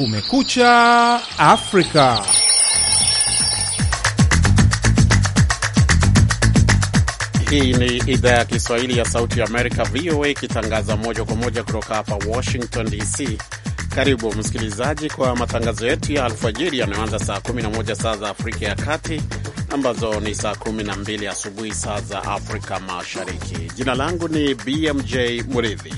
Kumekucha Afrika. Hii ni idhaa ya Kiswahili ya Sauti ya Amerika, VOA, ikitangaza moja kwa moja kutoka hapa Washington DC. Karibu msikilizaji kwa matangazo yetu ya alfajiri yanayoanza saa 11 saa za Afrika ya Kati, ambazo ni saa 12 asubuhi saa za Afrika Mashariki. Jina langu ni BMJ Muridhi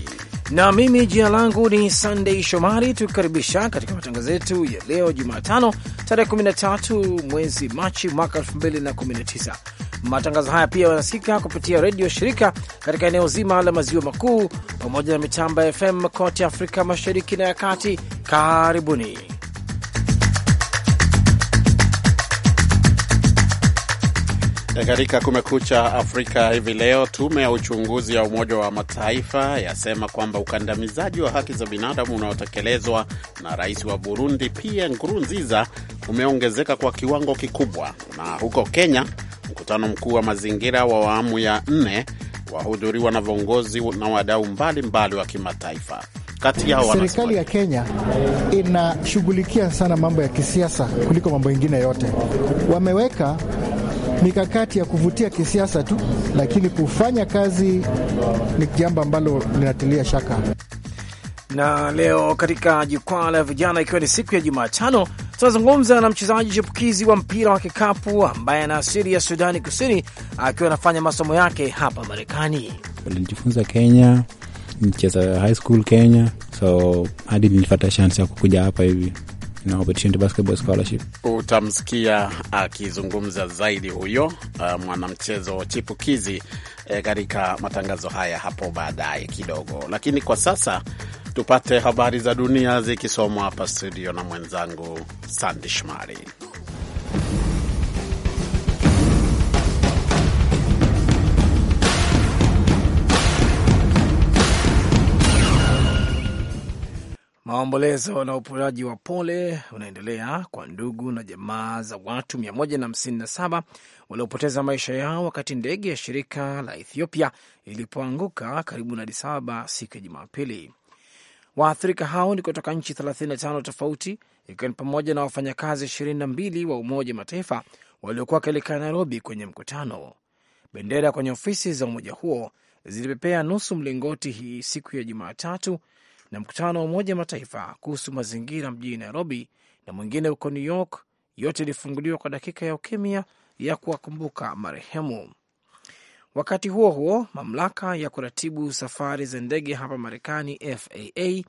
na mimi jina langu ni Sunday Shomari, tukikaribisha katika matangazo yetu ya leo Jumatano tarehe 13 mwezi Machi mwaka 2019. Matangazo haya pia yanasikika kupitia redio shirika katika eneo zima la maziwa makuu pamoja na mitamba ya FM kote Afrika mashariki na ya kati. Karibuni. Katika Kumekucha Afrika hivi leo, tume ya uchunguzi ya Umoja wa Mataifa yasema kwamba ukandamizaji wa haki za binadamu unaotekelezwa na rais wa Burundi Pierre Nkurunziza umeongezeka kwa kiwango kikubwa. Na huko Kenya, mkutano mkuu wa mazingira wa awamu ya nne wahudhuriwa na viongozi na wadau mbalimbali wa kimataifa. Serikali ya Kenya inashughulikia sana mambo ya kisiasa kuliko mambo mengine yote. Wameweka mikakati ya kuvutia kisiasa tu, lakini kufanya kazi ni jambo ambalo linatilia shaka. Na leo katika jukwaa la vijana, ikiwa ni siku ya Jumatano, tunazungumza na mchezaji chipukizi wa mpira wa kikapu ambaye ana asili ya Sudani Kusini, akiwa anafanya masomo yake hapa Marekani. Nilijifunza Kenya, nicheza high school Kenya, so hadi nilipata shansi ya kukuja hapa hivi na Opportunity Basketball Scholarship. Utamsikia akizungumza zaidi huyo uh, mwanamchezo chipukizi eh, katika eh, matangazo haya hapo baadaye kidogo, lakini kwa sasa tupate habari za dunia zikisomwa hapa studio na mwenzangu Sandi Shmari. Maombolezo na upuraji wa pole unaendelea kwa ndugu na jamaa za watu 157 waliopoteza maisha yao wakati ndege ya shirika la Ethiopia ilipoanguka karibu na Addis Ababa siku ya Jumapili. Waathirika hao ni kutoka nchi 35 tofauti, ikiwa ni pamoja na wafanyakazi 22 wa Umoja Mataifa waliokuwa wakielekea Nairobi kwenye mkutano. Bendera kwenye ofisi za umoja huo zilipepea nusu mlingoti hii siku ya Jumatatu na mkutano wa Umoja Mataifa kuhusu mazingira mjini Nairobi na mwingine huko New York, yote ilifunguliwa kwa dakika ya ukimya ya kuwakumbuka marehemu. Wakati huo huo, mamlaka ya kuratibu safari za ndege hapa Marekani, FAA,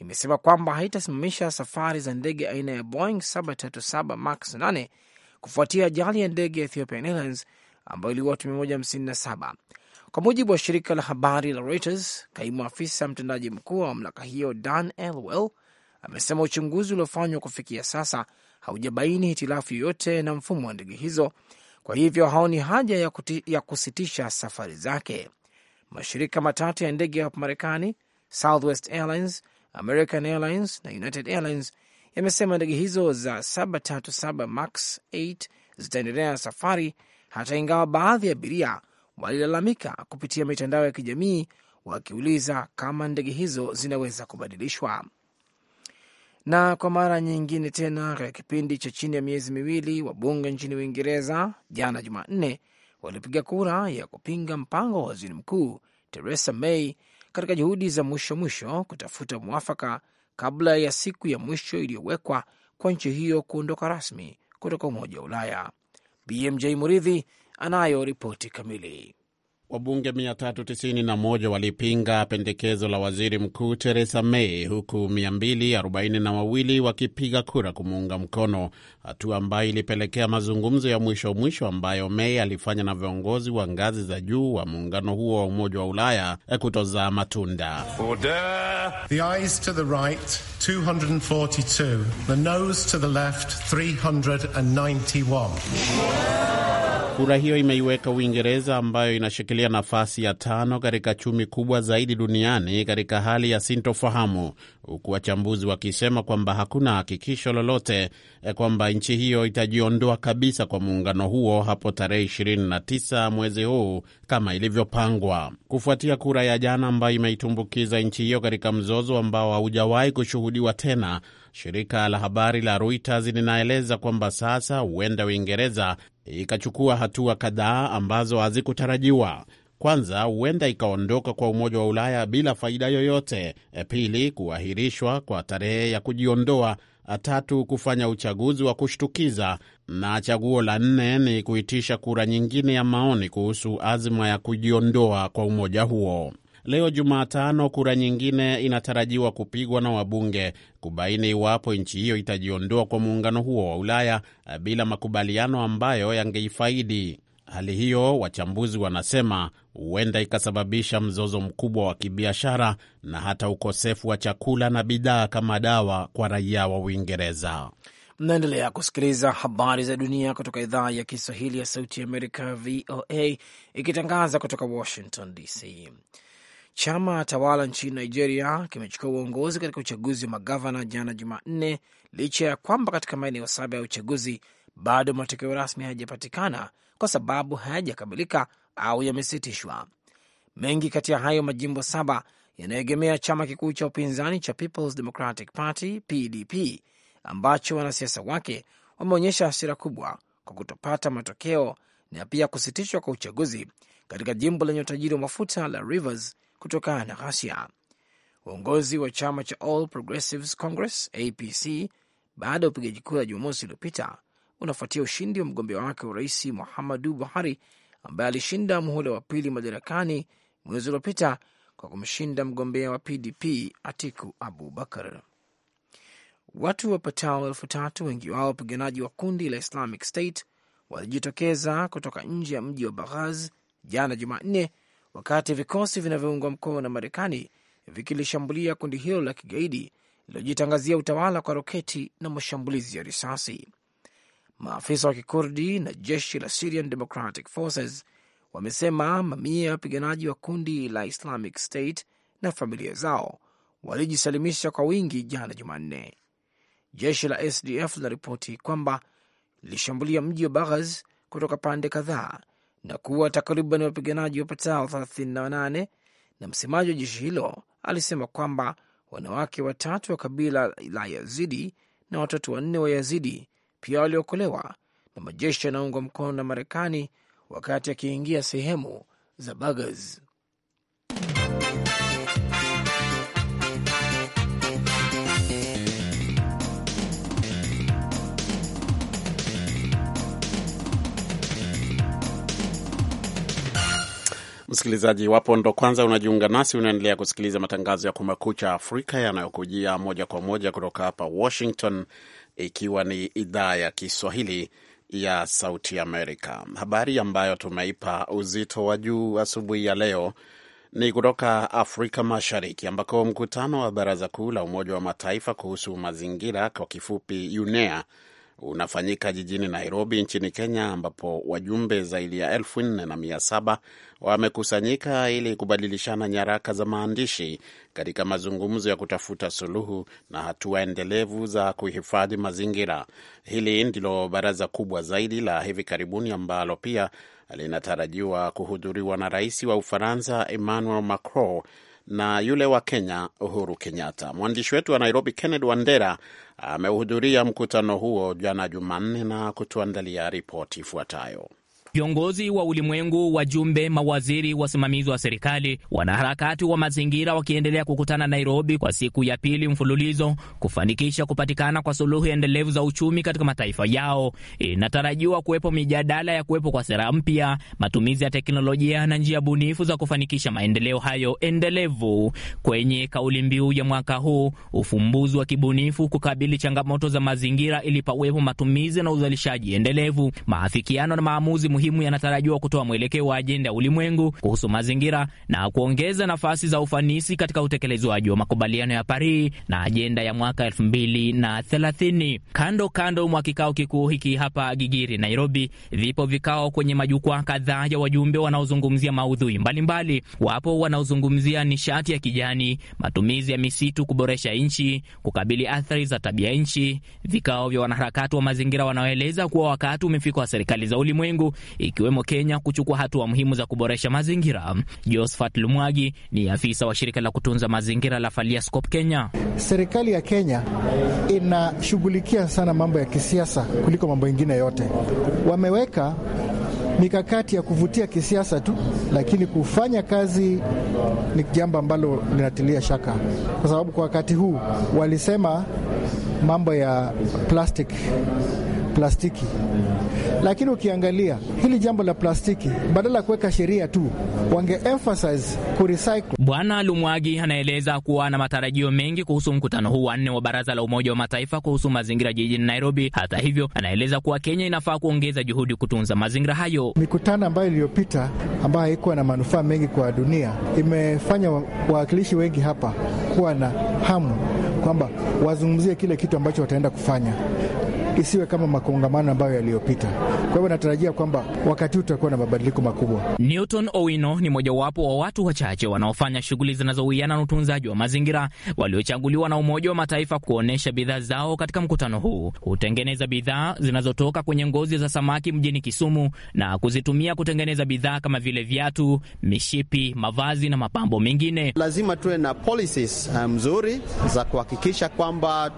imesema kwamba haitasimamisha safari za ndege aina ya Boeing 737 max 8 kufuatia ajali ya ndege ya Ethiopian Airlines ambayo iliua watu 157 kwa mujibu wa shirika la habari la Reuters, kaimu afisa mtendaji mkuu wa mamlaka hiyo Dan Elwell amesema uchunguzi uliofanywa kufikia sasa haujabaini hitilafu yoyote na mfumo wa ndege hizo, kwa hivyo haoni haja ya, kuti, ya kusitisha safari zake. Mashirika matatu ya ndege hapa Marekani, Southwest Airlines, American Airlines na United Airlines yamesema ndege hizo za 737 max 8 zitaendelea na safari hata ingawa baadhi ya abiria walilalamika kupitia mitandao ya kijamii wakiuliza kama ndege hizo zinaweza kubadilishwa. Na kwa mara nyingine tena katika kipindi cha chini ya miezi miwili, wabunge nchini Uingereza jana Jumanne walipiga kura ya kupinga mpango wa waziri mkuu Theresa May katika juhudi za mwisho mwisho kutafuta mwafaka kabla ya siku ya mwisho iliyowekwa kwa nchi hiyo kuondoka rasmi kutoka Umoja wa Ulaya. BMJ Muridhi anayo ripoti kamili. Wabunge 391 walipinga pendekezo la waziri mkuu Theresa May huku 242 wakipiga kura kumuunga mkono, hatua ambayo ilipelekea mazungumzo ya mwisho mwisho ambayo May alifanya na viongozi wa ngazi za juu wa muungano huo wa Umoja wa Ulaya eh, kutozaa matunda. Kura hiyo imeiweka Uingereza ambayo inashikilia Australia nafasi ya tano katika chumi kubwa zaidi duniani katika hali ya sintofahamu, huku wachambuzi wakisema kwamba hakuna hakikisho lolote eh, kwamba nchi hiyo itajiondoa kabisa kwa muungano huo hapo tarehe 29 mwezi huu kama ilivyopangwa, kufuatia kura ya jana ambayo imeitumbukiza nchi hiyo katika mzozo ambao haujawahi kushuhudiwa tena Shirika la habari la Reuters linaeleza kwamba sasa huenda Uingereza ikachukua hatua kadhaa ambazo hazikutarajiwa. Kwanza, huenda ikaondoka kwa Umoja wa Ulaya bila faida yoyote. E, pili, kuahirishwa kwa tarehe ya kujiondoa. E, tatu, kufanya uchaguzi wa kushtukiza, na chaguo la nne ni kuitisha kura nyingine ya maoni kuhusu azma ya kujiondoa kwa umoja huo. Leo Jumatano, kura nyingine inatarajiwa kupigwa na wabunge kubaini iwapo nchi hiyo itajiondoa kwa muungano huo wa Ulaya eh, bila makubaliano ambayo yangeifaidi. Hali hiyo, wachambuzi wanasema, huenda ikasababisha mzozo mkubwa wa kibiashara na hata ukosefu wa chakula na bidhaa kama dawa kwa raia wa Uingereza. Mnaendelea kusikiliza habari za dunia kutoka idhaa ya Kiswahili ya Sauti ya Amerika, VOA, ikitangaza kutoka Washington DC. Chama tawala nchini Nigeria kimechukua uongozi katika uchaguzi wa magavana jana Jumanne, licha ya kwamba katika maeneo saba ya uchaguzi bado matokeo rasmi hayajapatikana kwa sababu hayajakamilika au yamesitishwa. Mengi kati ya hayo majimbo saba yanayoegemea chama kikuu cha upinzani cha Peoples Democratic Party PDP, ambacho wanasiasa wake wameonyesha hasira kubwa kwa kutopata matokeo na pia kusitishwa kwa uchaguzi katika jimbo lenye utajiri wa mafuta la Rivers kutokana na ghasia. Uongozi wa chama cha All Progressives Congress APC baada ya upigaji kura Jumamosi iliyopita unafuatia ushindi wa mgombea wake urais Muhammadu Buhari ambaye alishinda muhula wa pili madarakani mwezi uliopita kwa kumshinda mgombea wa PDP Atiku Abubakar. Watu wapatao elfu tatu, wengi wao wapiganaji wa kundi la Islamic State, walijitokeza kutoka nje ya mji wa Baghaz jana Jumanne wakati vikosi vinavyoungwa mkono na Marekani vikilishambulia kundi hilo la kigaidi lililojitangazia utawala kwa roketi na mashambulizi ya risasi. Maafisa wa kikurdi na jeshi la Syrian Democratic Forces wamesema mamia ya wapiganaji wa kundi la Islamic State na familia zao walijisalimisha kwa wingi jana Jumanne. Jeshi la SDF linaripoti kwamba lilishambulia mji wa Baghaz kutoka pande kadhaa na kuwa takriban wapiganaji wapatao 38 na msemaji wa jeshi hilo alisema kwamba wanawake watatu wa kabila la Yazidi na watoto wanne wa Yazidi pia waliokolewa na majeshi yanaungwa mkono na Marekani wakati akiingia sehemu za Baghuz. Msikilizaji wapo ndo kwanza unajiunga nasi, unaendelea kusikiliza matangazo ya Kumekucha Afrika yanayokujia moja kwa moja kutoka hapa Washington, ikiwa ni idhaa ya Kiswahili ya Sauti Amerika. Habari ambayo tumeipa uzito wa juu asubuhi ya leo ni kutoka Afrika Mashariki, ambako mkutano wa Baraza Kuu la Umoja wa Mataifa kuhusu mazingira, kwa kifupi UNEA, unafanyika jijini Nairobi nchini Kenya, ambapo wajumbe zaidi ya elfu nne na mia saba wamekusanyika ili kubadilishana nyaraka za maandishi katika mazungumzo ya kutafuta suluhu na hatua endelevu za kuhifadhi mazingira. Hili ndilo baraza kubwa zaidi la hivi karibuni ambalo pia linatarajiwa kuhudhuriwa na rais wa Ufaransa Emmanuel Macron na yule wa Kenya Uhuru Kenyatta. Mwandishi wetu wa Nairobi Kenneth Wandera amehudhuria mkutano huo jana Jumanne na kutuandalia ripoti ifuatayo viongozi wa ulimwengu, wajumbe, mawaziri, wasimamizi wa serikali, wanaharakati wa mazingira wakiendelea kukutana Nairobi kwa siku ya pili mfululizo kufanikisha kupatikana kwa suluhu endelevu za uchumi katika mataifa yao. Inatarajiwa kuwepo mijadala ya kuwepo kwa sera mpya, matumizi ya teknolojia na njia bunifu za kufanikisha maendeleo hayo endelevu. Kwenye kauli mbiu ya mwaka huu, ufumbuzi wa kibunifu kukabili changamoto za mazingira, ili pawepo matumizi na uzalishaji endelevu, maafikiano na maamuzi muhimu muhimu yanatarajiwa kutoa mwelekeo wa ajenda ya ulimwengu kuhusu mazingira na kuongeza nafasi za ufanisi katika utekelezwaji wa makubaliano ya Paris na ajenda ya mwaka 2030. Kando kando mwa kikao kikuu hiki hapa Gigiri, Nairobi, vipo vikao kwenye majukwaa kadhaa ya wajumbe wanaozungumzia maudhui mbalimbali Wapo wanaozungumzia nishati ya kijani, matumizi ya misitu kuboresha nchi, kukabili athari za tabia nchi. Vikao vya wanaharakati wa mazingira wanaoeleza kuwa wakati umefika wa serikali za ulimwengu ikiwemo Kenya kuchukua hatua muhimu za kuboresha mazingira. josfat Lumwagi ni afisa wa shirika la kutunza mazingira la Faliascope Kenya. Serikali ya Kenya inashughulikia sana mambo ya kisiasa kuliko mambo ingine yote. Wameweka mikakati ya kuvutia kisiasa tu, lakini kufanya kazi ni jambo ambalo linatilia shaka, kwa sababu kwa wakati huu walisema mambo ya plastic plastiki. Lakini ukiangalia hili jambo la plastiki, badala ya kuweka sheria tu, wange emphasize ku recycle. Bwana Lumwagi anaeleza kuwa na matarajio mengi kuhusu mkutano huu wa nne wa Baraza la Umoja wa Mataifa kuhusu mazingira jijini Nairobi. Hata hivyo, anaeleza kuwa Kenya inafaa kuongeza juhudi kutunza mazingira hayo. Mikutano ambayo iliyopita ambayo haikuwa na manufaa mengi kwa dunia imefanya wawakilishi wengi hapa kuwa na hamu kwamba wazungumzie kile kitu ambacho wataenda kufanya isiwe kama makongamano ambayo yaliyopita. Kwa hivyo natarajia kwamba wakati huu tutakuwa na mabadiliko makubwa. Newton Owino ni mojawapo wa watu wachache wanaofanya shughuli zinazowiana na utunzaji wa mazingira waliochaguliwa na Umoja wa Mataifa kuonyesha bidhaa zao katika mkutano huu. Hutengeneza bidhaa zinazotoka kwenye ngozi za samaki mjini Kisumu na kuzitumia kutengeneza bidhaa kama vile viatu, mishipi, mavazi na mapambo mengine. Lazima tuwe na policies eh, mzuri za kuhakikisha kwamba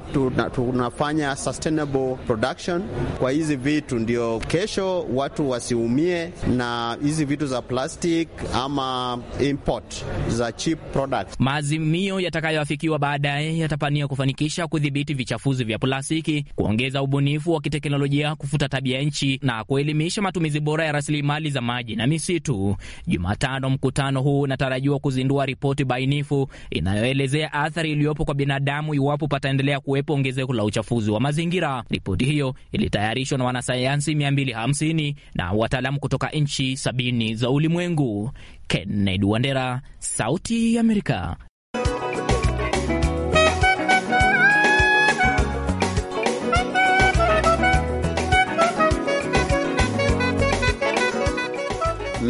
tunafanya sustainable production kwa hizi vitu, ndio kesho watu wasiumie na hizi vitu za plastic ama import za cheap product. Maazimio yatakayoafikiwa baadaye yatapania kufanikisha kudhibiti vichafuzi vya plastiki, kuongeza ubunifu wa kiteknolojia, kufuta tabia nchi na kuelimisha matumizi bora ya rasilimali za maji na misitu. Jumatano, mkutano huu unatarajiwa kuzindua ripoti bainifu inayoelezea athari iliyopo kwa binadamu iwapo pataendelea kuwepo ongezeko la uchafuzi wa mazingira. Ripoti Ripoti hiyo ilitayarishwa na wanasayansi 250 na wataalamu kutoka nchi 70 za ulimwengu. Kennedy Wandera, Sauti ya Amerika.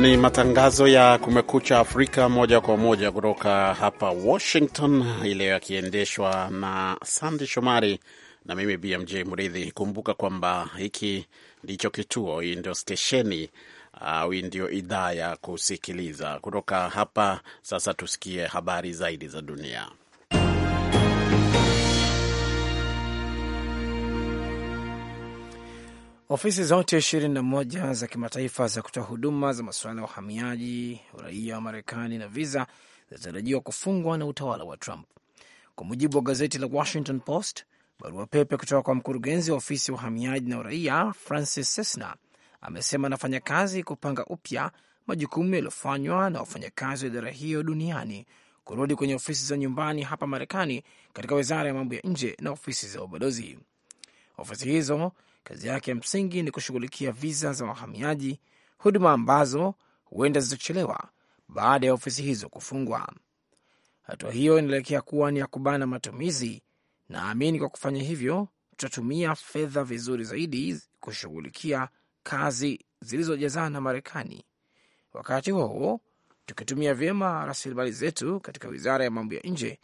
Ni matangazo ya Kumekucha Afrika moja kwa moja kutoka hapa Washington, ile yakiendeshwa na Sandi Shomari na mimi BMJ Mridhi. Kumbuka kwamba hiki ndicho kituo, hii ndio stesheni au uh, ndio idhaa ya kusikiliza kutoka hapa. Sasa tusikie habari zaidi za dunia. Ofisi zote 21 za kimataifa za kutoa huduma za masuala ya uhamiaji, uraia wa Marekani na viza zinatarajiwa kufungwa na utawala wa Trump, kwa mujibu wa gazeti la Washington Post. Barua pepe kutoka kwa mkurugenzi wa ofisi ya uhamiaji na uraia Francis Sesna amesema anafanya kazi kupanga upya majukumu yaliyofanywa na wafanyakazi wa idara hiyo duniani kurudi kwenye ofisi za nyumbani hapa Marekani, katika wizara ya mambo ya nje na ofisi za ubalozi. Ofisi hizo kazi yake ya msingi ni kushughulikia viza za wahamiaji, huduma ambazo huenda zilizochelewa baada ya ofisi hizo kufungwa. Hatua hiyo inaelekea kuwa ni ya kubana matumizi Naamini kwa kufanya hivyo tutatumia fedha vizuri zaidi kushughulikia kazi zilizojazana Marekani, wakati huo huo tukitumia vyema rasilimali zetu katika wizara ya mambo ya nje.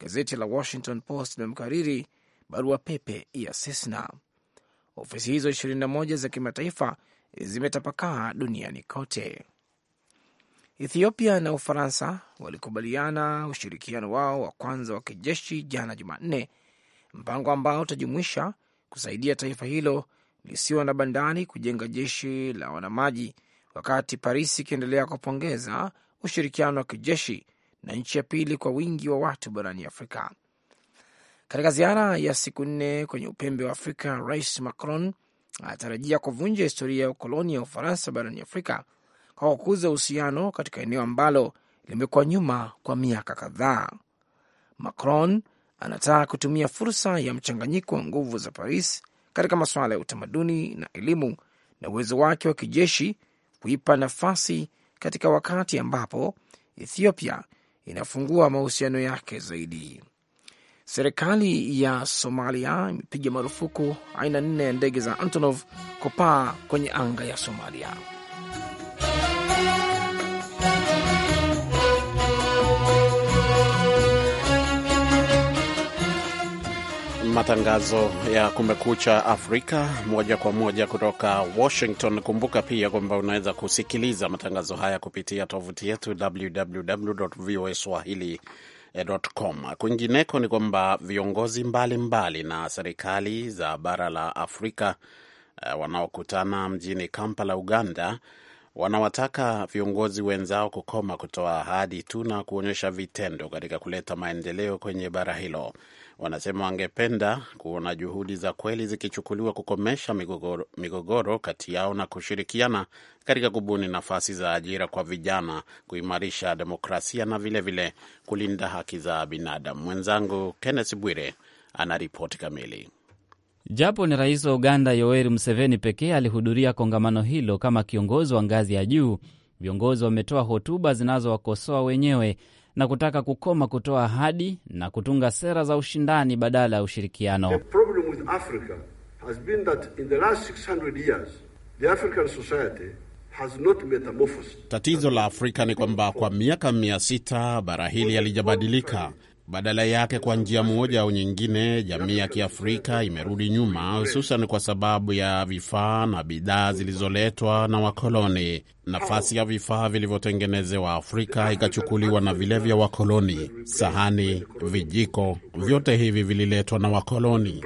Gazeti la Washington Post limemkariri barua pepe ya Sisna. Ofisi hizo 21 za kimataifa zimetapakaa duniani kote. Ethiopia na Ufaransa walikubaliana ushirikiano wao wa kwanza wa kijeshi jana Jumanne mpango ambao utajumuisha kusaidia taifa hilo lisiwa na bandari kujenga jeshi la wanamaji, wakati Paris ikiendelea kupongeza ushirikiano wa kijeshi na nchi ya pili kwa wingi wa watu barani Afrika. Katika ziara ya siku nne kwenye upembe wa Afrika, Rais Macron anatarajia kuvunja historia ya ukoloni ya Ufaransa barani Afrika kwa kukuza uhusiano katika eneo ambalo limekuwa nyuma kwa miaka kadhaa. Macron anataka kutumia fursa ya mchanganyiko wa nguvu za Paris katika masuala ya utamaduni na elimu na uwezo wake wa kijeshi kuipa nafasi katika wakati ambapo Ethiopia inafungua mahusiano yake zaidi. Serikali ya Somalia imepiga marufuku aina nne ya ndege za Antonov kupaa kwenye anga ya Somalia. matangazo ya Kumekucha Afrika moja kwa moja kutoka Washington. Kumbuka pia kwamba unaweza kusikiliza matangazo haya kupitia tovuti yetu voa com. Kwingineko ni kwamba viongozi mbalimbali mbali na serikali za bara la Afrika eh, wanaokutana mjini Kampala, Uganda, wanawataka viongozi wenzao kukoma kutoa ahadi tu na kuonyesha vitendo katika kuleta maendeleo kwenye bara hilo wanasema wangependa kuona juhudi za kweli zikichukuliwa kukomesha migogoro, migogoro kati yao na kushirikiana katika kubuni nafasi za ajira kwa vijana, kuimarisha demokrasia na vilevile vile kulinda haki za binadamu. Mwenzangu Kenneth Bwire ana ripoti kamili. Japo ni rais wa Uganda Yoweri Museveni pekee alihudhuria kongamano hilo kama kiongozi wa ngazi ya juu, viongozi wametoa hotuba zinazowakosoa wenyewe na kutaka kukoma kutoa ahadi na kutunga sera za ushindani badala ya ushirikiano. Tatizo la Afrika ni kwamba kwa miaka mia sita bara hili halijabadilika. Badala yake, kwa njia moja au nyingine, jamii ya Kiafrika imerudi nyuma, hususan kwa sababu ya vifaa na bidhaa zilizoletwa na wakoloni. Nafasi ya vifaa vilivyotengenezewa Afrika ikachukuliwa na vile vya wakoloni. Sahani, vijiko, vyote hivi vililetwa na wakoloni.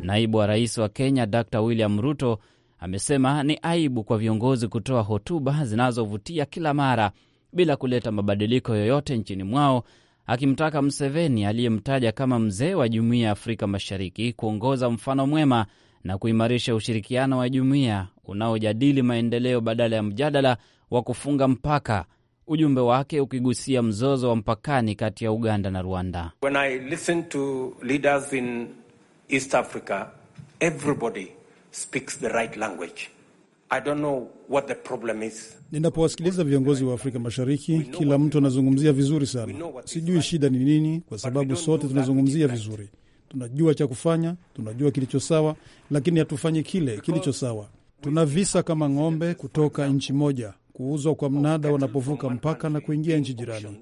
Naibu wa rais wa Kenya Dr William Ruto amesema ni aibu kwa viongozi kutoa hotuba zinazovutia kila mara bila kuleta mabadiliko yoyote nchini mwao, akimtaka Mseveni aliyemtaja kama mzee wa jumuiya ya Afrika Mashariki kuongoza mfano mwema na kuimarisha ushirikiano wa jumuiya unaojadili maendeleo badala ya mjadala wa kufunga mpaka, ujumbe wake ukigusia mzozo wa mpakani kati ya Uganda na Rwanda. When I listen to leaders in East Africa, everybody speaks the right language. I don't know what the problem is. Ninapowasikiliza viongozi wa Afrika Mashariki, kila mtu anazungumzia vizuri sana. Sijui shida ni nini, kwa sababu sote tunazungumzia vizuri, tunajua cha kufanya, tunajua kilicho sawa, lakini hatufanyi kile kilicho sawa. Tuna visa kama ng'ombe kutoka nchi moja kuuzwa kwa mnada wanapovuka mpaka na kuingia nchi jirani,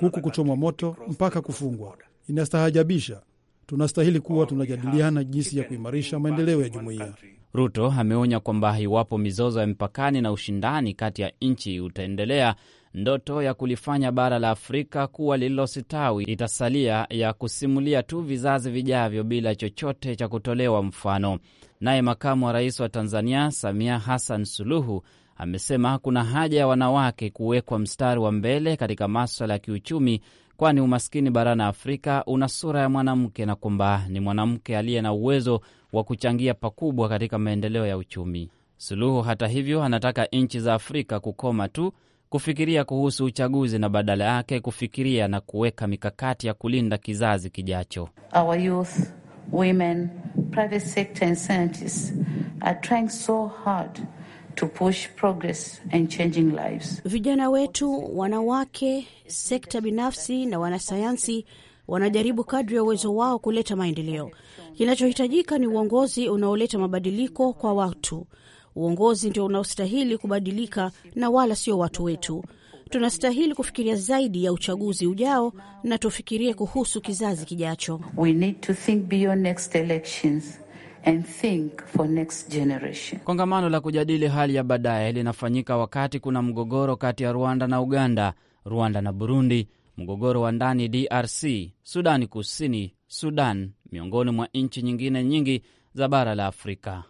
kuku kuchomwa moto mpaka kufungwa. Inastahajabisha. Tunastahili kuwa tunajadiliana jinsi ya kuimarisha maendeleo ya jumuiya. Ruto ameonya kwamba iwapo mizozo ya mpakani na ushindani kati ya nchi utaendelea, ndoto ya kulifanya bara la Afrika kuwa lililositawi itasalia ya kusimulia tu vizazi vijavyo bila chochote cha kutolewa mfano. Naye makamu wa rais wa Tanzania Samia Hassan Suluhu amesema kuna haja ya wanawake kuwekwa mstari wa mbele katika maswala ya kiuchumi kwani umaskini barani Afrika una sura ya mwanamke na kwamba ni mwanamke aliye na uwezo wa kuchangia pakubwa katika maendeleo ya uchumi. Suluhu, hata hivyo, anataka nchi za Afrika kukoma tu kufikiria kuhusu uchaguzi na badala yake kufikiria na kuweka mikakati ya kulinda kizazi kijacho. Our youth, women, private sector and scientists are trying so hard to push progress and changing lives. Vijana wetu, wanawake, sekta binafsi na wanasayansi wanajaribu kadri ya uwezo wao kuleta maendeleo. Kinachohitajika ni uongozi unaoleta mabadiliko kwa watu. Uongozi ndio unaostahili kubadilika na wala sio watu wetu. Tunastahili kufikiria zaidi ya uchaguzi ujao na tufikirie kuhusu kizazi kijacho. We need to think beyond next elections and think for next generation. Kongamano la kujadili hali ya baadaye linafanyika wakati kuna mgogoro kati ya Rwanda na Uganda, Rwanda na Burundi, mgogoro wa ndani DRC, Sudani Kusini, Sudan, miongoni mwa nchi nyingine nyingi za bara la Afrika.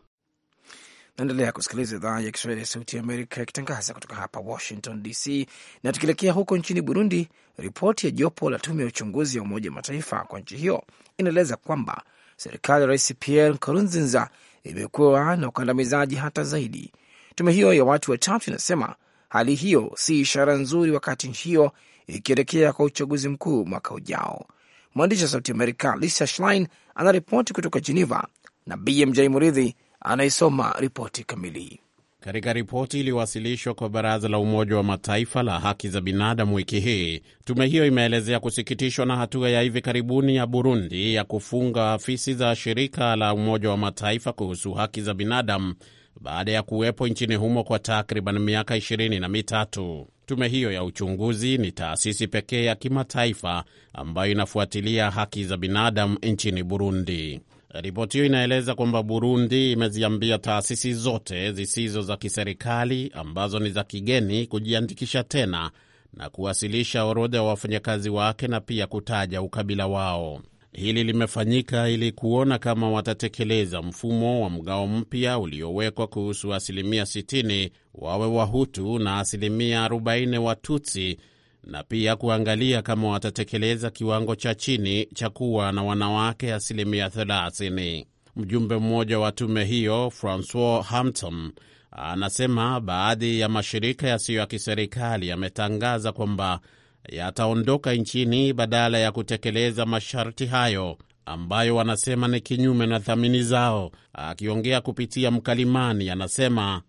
Naendelea kusikiliza idhaa ya Kiswahili ya Sauti ya Amerika ikitangaza kutoka hapa Washington DC. Na tukielekea huko nchini Burundi, ripoti ya jopo la tume ya uchunguzi ya Umoja wa Mataifa kwa nchi hiyo inaeleza kwamba serikali ya Rais Pierre Nkurunziza imekuwa na ukandamizaji hata zaidi. Tume hiyo ya watu watatu inasema hali hiyo si ishara nzuri, wakati nchi hiyo ikielekea kwa uchaguzi mkuu mwaka ujao. Mwandishi wa Sauti Amerika Lisa Schlein anaripoti kutoka Geneva na BMJ Muridhi anaisoma ripoti kamili. Katika ripoti iliyowasilishwa kwa Baraza la Umoja wa Mataifa la Haki za Binadamu wiki hii, tume hiyo imeelezea kusikitishwa na hatua ya hivi karibuni ya Burundi ya kufunga afisi za shirika la Umoja wa Mataifa kuhusu haki za binadamu baada ya kuwepo nchini humo kwa takriban miaka ishirini na mitatu. Tume hiyo ya uchunguzi ni taasisi pekee ya kimataifa ambayo inafuatilia haki za binadamu nchini Burundi. Ripoti hiyo inaeleza kwamba Burundi imeziambia taasisi zote zisizo za kiserikali ambazo ni za kigeni kujiandikisha tena na kuwasilisha orodha ya wafanyakazi wake na pia kutaja ukabila wao. Hili limefanyika ili kuona kama watatekeleza mfumo wa mgao mpya uliowekwa kuhusu asilimia 60 wawe Wahutu na asilimia 40 Watutsi na pia kuangalia kama watatekeleza kiwango cha chini cha kuwa na wanawake asilimia 30. Mjumbe mmoja wa tume hiyo Francois Hampton anasema baadhi ya mashirika yasiyo ya kiserikali yametangaza kwamba yataondoka nchini badala ya kutekeleza masharti hayo ambayo wanasema ni kinyume na thamini zao. Akiongea kupitia mkalimani, anasema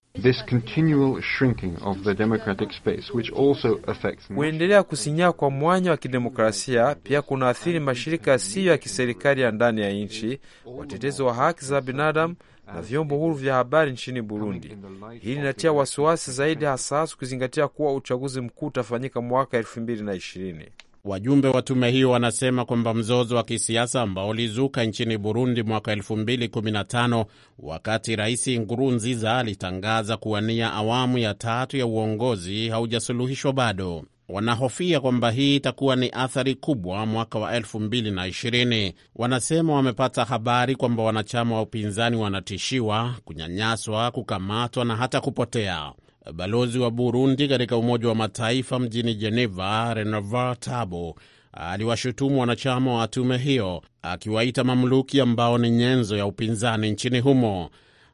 Kuendelea kusinyaa kwa mwanya wa kidemokrasia pia kunaathiri mashirika yasiyo ya kiserikali ya ndani ya nchi, watetezi wa haki za binadamu na vyombo huru vya habari nchini Burundi. Hili linatia wasiwasi zaidi, hasa kuzingatia kuwa uchaguzi mkuu utafanyika mwaka elfu mbili na ishirini. Wajumbe wa tume hiyo wanasema kwamba mzozo wa kisiasa ambao ulizuka nchini Burundi mwaka 2015 wakati Rais Nkurunziza alitangaza kuwania awamu ya tatu ya uongozi haujasuluhishwa bado. Wanahofia kwamba hii itakuwa ni athari kubwa mwaka wa 2020. Wanasema wamepata habari kwamba wanachama wa upinzani wanatishiwa, kunyanyaswa, kukamatwa na hata kupotea. Balozi wa Burundi katika Umoja wa Mataifa mjini Geneva, Renova Tabo, aliwashutumu wanachama wa tume hiyo akiwaita mamluki ambao ni nyenzo ya upinzani nchini humo.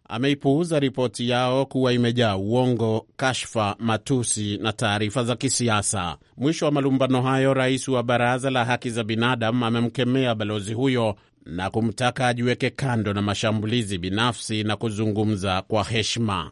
Ameipuuza ripoti yao kuwa imejaa uongo, kashfa, matusi na taarifa za kisiasa. Mwisho wa malumbano hayo, rais wa Baraza la Haki za Binadamu amemkemea balozi huyo na kumtaka ajiweke kando na mashambulizi binafsi na kuzungumza kwa heshima.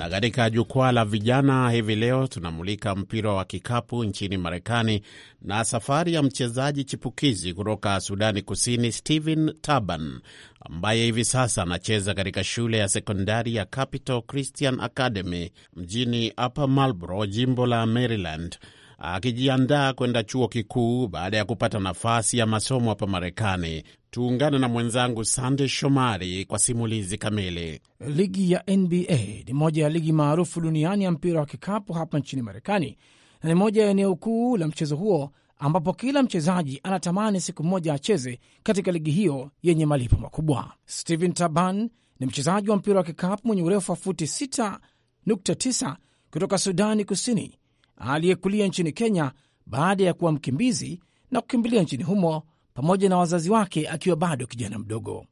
Na katika jukwaa la vijana hivi leo tunamulika mpira wa kikapu nchini Marekani na safari ya mchezaji chipukizi kutoka Sudani Kusini, Stephen Taban, ambaye hivi sasa anacheza katika shule ya sekondari ya Capital Christian Academy mjini Upper Marlboro, jimbo la Maryland akijiandaa kwenda chuo kikuu baada ya kupata nafasi ya masomo hapa Marekani. Tuungane na mwenzangu Sande Shomari kwa simulizi kamili. Ligi ya NBA ni moja ya ligi maarufu duniani ya mpira wa kikapu hapa nchini Marekani, na ni moja ya eneo kuu la mchezo huo ambapo kila mchezaji anatamani siku moja acheze katika ligi hiyo yenye malipo makubwa. stephen Taban ni mchezaji wa mpira wa kikapu mwenye urefu wa futi 6.9 kutoka Sudani Kusini aliyekulia nchini Kenya baada ya kuwa mkimbizi na kukimbilia nchini humo pamoja na wazazi wake akiwa bado kijana mdogo.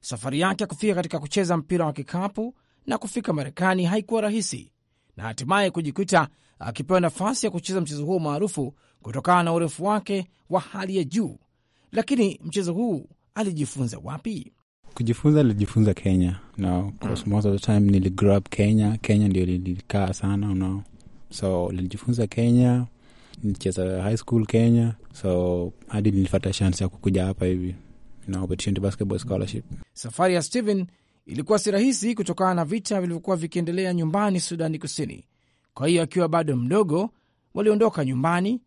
Safari yake ya kufika katika kucheza mpira wa kikapu na kufika Marekani haikuwa rahisi na hatimaye kujikuta akipewa nafasi ya kucheza mchezo huo maarufu kutokana na urefu wake wa hali ya juu. Lakini mchezo huu alijifunza wapi? Kujifunza nilijifunza Kenya, you know, mm. most of the time niligrow up Kenya. Kenya ndio lilikaa sana you know so nilijifunza Kenya, nicheza high school Kenya, so hadi nilifata chance ya kukuja hapa hivi na opportunity basketball scholarship. Safari ya Steven ilikuwa si rahisi kutokana na vita vilivyokuwa vikiendelea nyumbani Sudani Kusini. Kwa hiyo akiwa bado mdogo, waliondoka nyumbani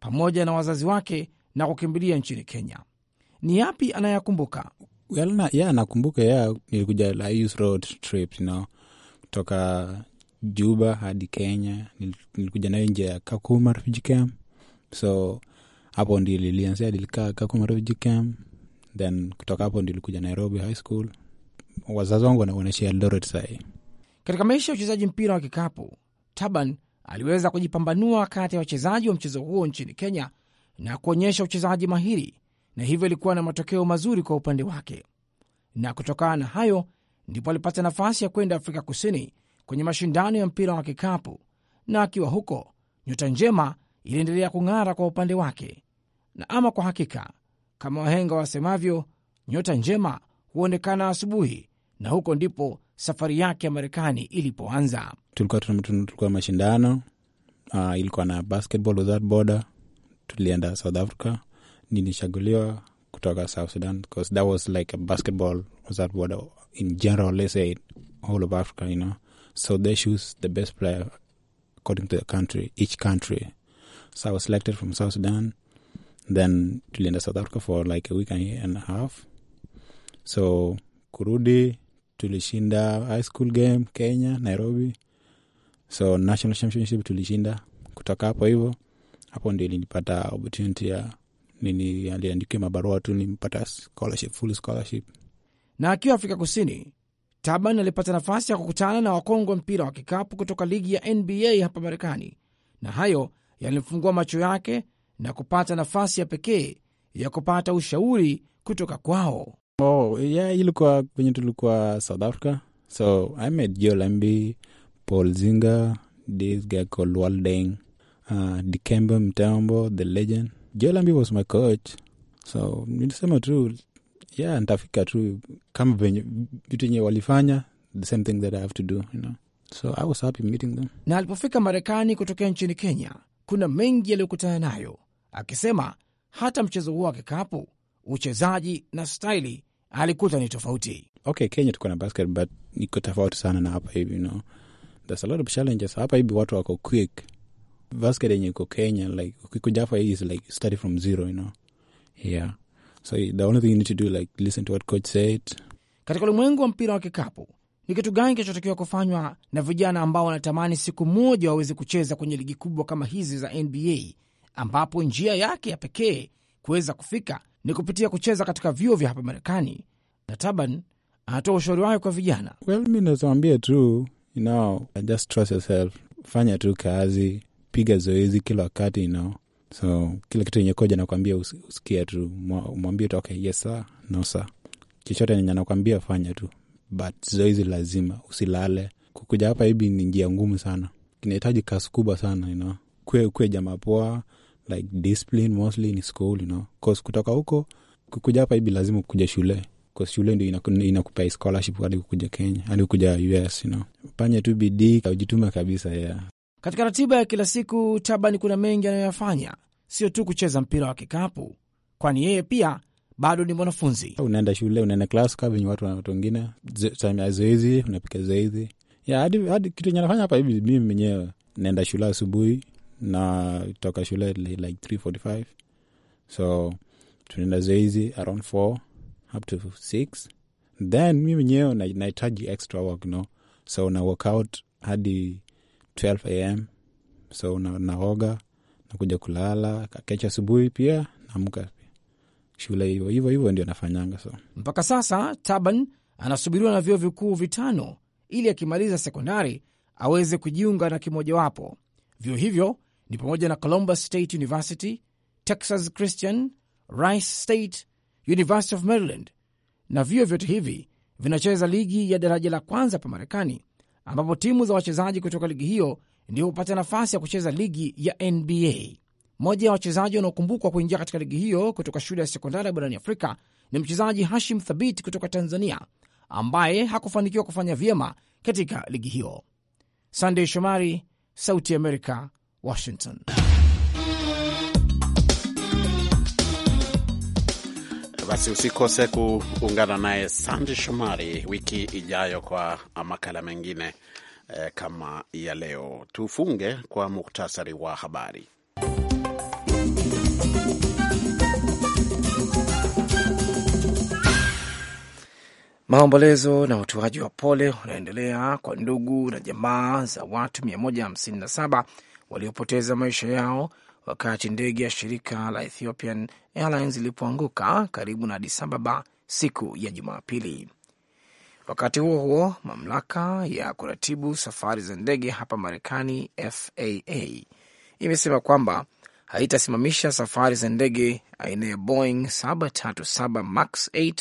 pamoja na wazazi wake na kukimbilia nchini Kenya. Ni yapi anayakumbuka? Well, na, yeah, nakumbuka yeah, nilikuja like, road trip you know, kutoka Juba hadi Kenya. Nilikuja nayo nje ya Kakuma refugee camp, so hapo ndi lilianzia, lilikaa Kakuma refugee camp, then kutoka hapo ndi likuja Nairobi high school. Wazazi wangu wanaishia Eldoret sahii. Katika maisha ya uchezaji mpira wa kikapu, Taban aliweza kujipambanua kati ya wachezaji wa mchezo huo nchini Kenya na kuonyesha uchezaji mahiri, na hivyo ilikuwa na matokeo mazuri kwa upande wake, na kutokana na hayo ndipo alipata nafasi ya kwenda Afrika Kusini kwenye mashindano ya mpira wa kikapu, na akiwa huko, nyota njema iliendelea kung'ara kwa upande wake. Na ama kwa hakika, kama wahenga wasemavyo, nyota njema huonekana asubuhi, na huko ndipo safari yake ya Marekani ilipoanza. Tulikuwa tulikuwa mashindano uh, ilikuwa na basketball without border. Tulienda south Africa, nilishaguliwa kutoka South Sudan because that was like a basketball without border in general, let's say all of Africa, you know So they choose the best player according to the country, each country. So I was selected from South Sudan. Then tulienda South Africa for like a week and a half. So kurudi tulishinda high school game Kenya, Nairobi. So national championship tulishinda. Kutoka hapo hivyo, hapo ndio nilipata opportunity ya nini, aliandikia mabarua tu, nimpata scholarship, full scholarship. Na akiwa Afrika Kusini Taban alipata nafasi ya kukutana na wakongwe mpira wa kikapu kutoka ligi ya NBA hapa Marekani, na hayo yalimfungua macho yake na kupata nafasi ya pekee ya kupata ushauri kutoka kwao. Oh, yeah, ilikuwa kwenye tulikuwa South Africa, so I met Joel Embiid, Paul Zinger, this guy called Walding, uh, Dikembe Mutombo, the legend. Joel Embiid was my coach, so nilisema tu yeah, ntafika tu kama venye vitu enye walifanya the same thing that I have to do you know? So I was happy meeting them. Na alipofika Marekani kutokea nchini Kenya, kuna mengi yaliyokutana nayo, akisema hata mchezo huo wa kikapu, uchezaji na staili alikuta ni tofauti. Okay, Kenya tuko na basket but niko tofauti sana na hapa hivi you know? There's a lot of challenges hapa hivi, watu wako quick. Basket yenye iko Kenya like ukikuja hapa is like study from zero you know? yeah So the only thing you need to do like listen to what coach said. Katika ulimwengu wa mpira wa kikapu, ni kitu gani kinachotakiwa kufanywa na vijana ambao wanatamani siku moja waweze kucheza kwenye ligi kubwa kama hizi za NBA, ambapo njia yake ya pekee kuweza kufika ni kupitia kucheza katika vyuo vya hapa Marekani? Na Taban anatoa ushauri wake kwa vijana. Well, mi nazoambia tu, you know, just trust yourself, fanya tu kazi, piga zoezi kila wakati, you know So kila kitu yenye koja nakwambia usikia tu, mwambie okay, yes sa no sa Chochote enye nakwambia fanya tu, but zoezi lazima, usilale. Kukuja hapa hivi ni njia ngumu sana, kinahitaji kasi kubwa sana you know? kwe, kwe jamapoa like discipline mostly ni school you know? cause kutoka huko kukuja hapa hivi lazima kuja shule shule ndio inakupa ina scholarship hadi kukuja Kenya hadi kukuja US you know? Fanye tu bidii, ujitume kabisa yeah. Katika ratiba ya kila siku, Taban kuna mengi anayoyafanya, sio tu kucheza mpira wa kikapu, kwani yeye pia bado ni mwanafunzi. Unaenda shule, unaenda klas ka venye watu watu wengine, zoezi, unapika zoezi ya hadi hadi kitu enye anafanya hapa hivi. Mimi mwenyewe naenda shule asubuhi na toka shule like 3:45 so tunaenda zoezi around 4 up to 6 then mi mwenyewe nahitaji extra work no, so na workout hadi 12 am so na, naoga nakuja kulala kesho asubuhi pia naamka shule hivo hivo hivo ndio nafanyanga. So mpaka sasa Taban anasubiriwa na vyuo vikuu vitano ili akimaliza sekondari aweze kujiunga na kimojawapo. Vyuo hivyo ni pamoja na Columbus State University, Texas Christian, Rice State, University of Maryland, na vyuo vyote hivi vinacheza ligi ya daraja la kwanza pa Marekani ambapo timu za wachezaji kutoka ligi hiyo ndio hupata nafasi ya kucheza ligi ya NBA. Mmoja ya wachezaji wanaokumbukwa kuingia katika ligi hiyo kutoka shule ya sekondari barani Afrika ni mchezaji Hashim Thabit kutoka Tanzania, ambaye hakufanikiwa kufanya vyema katika ligi hiyo. Sandey Shomari, Sauti ya Amerika, Washington. Basi usikose kuungana naye Sandi Shomari wiki ijayo kwa makala mengine eh, kama ya leo. Tufunge kwa muktasari wa habari. Maombolezo na utoaji wa pole unaendelea kwa ndugu na jamaa za watu 157 waliopoteza maisha yao wakati ndege ya shirika la Ethiopian Airlines ilipoanguka karibu na Addis Ababa siku ya Jumapili. Wakati huo huo, mamlaka ya kuratibu safari za ndege hapa Marekani, FAA, imesema kwamba haitasimamisha safari za ndege aina ya Boeing 737 max 8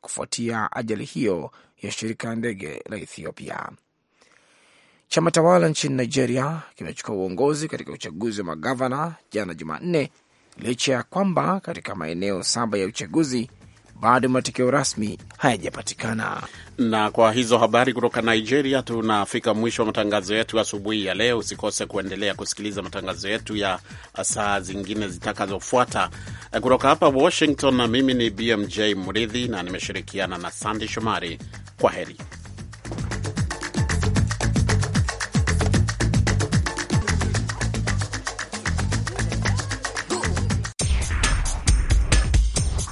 kufuatia ajali hiyo ya shirika la ndege la Ethiopia. Chama tawala nchini Nigeria kinachukua uongozi katika uchaguzi wa magavana jana Jumanne, licha ya kwamba katika maeneo saba ya uchaguzi bado matokeo rasmi hayajapatikana. Na kwa hizo habari kutoka Nigeria, tunafika mwisho wa matangazo yetu asubuhi ya leo. Usikose kuendelea kusikiliza matangazo yetu ya saa zingine zitakazofuata kutoka hapa Washington, na mimi ni BMJ Mridhi na nimeshirikiana na Sandi Shomari. Kwa heri.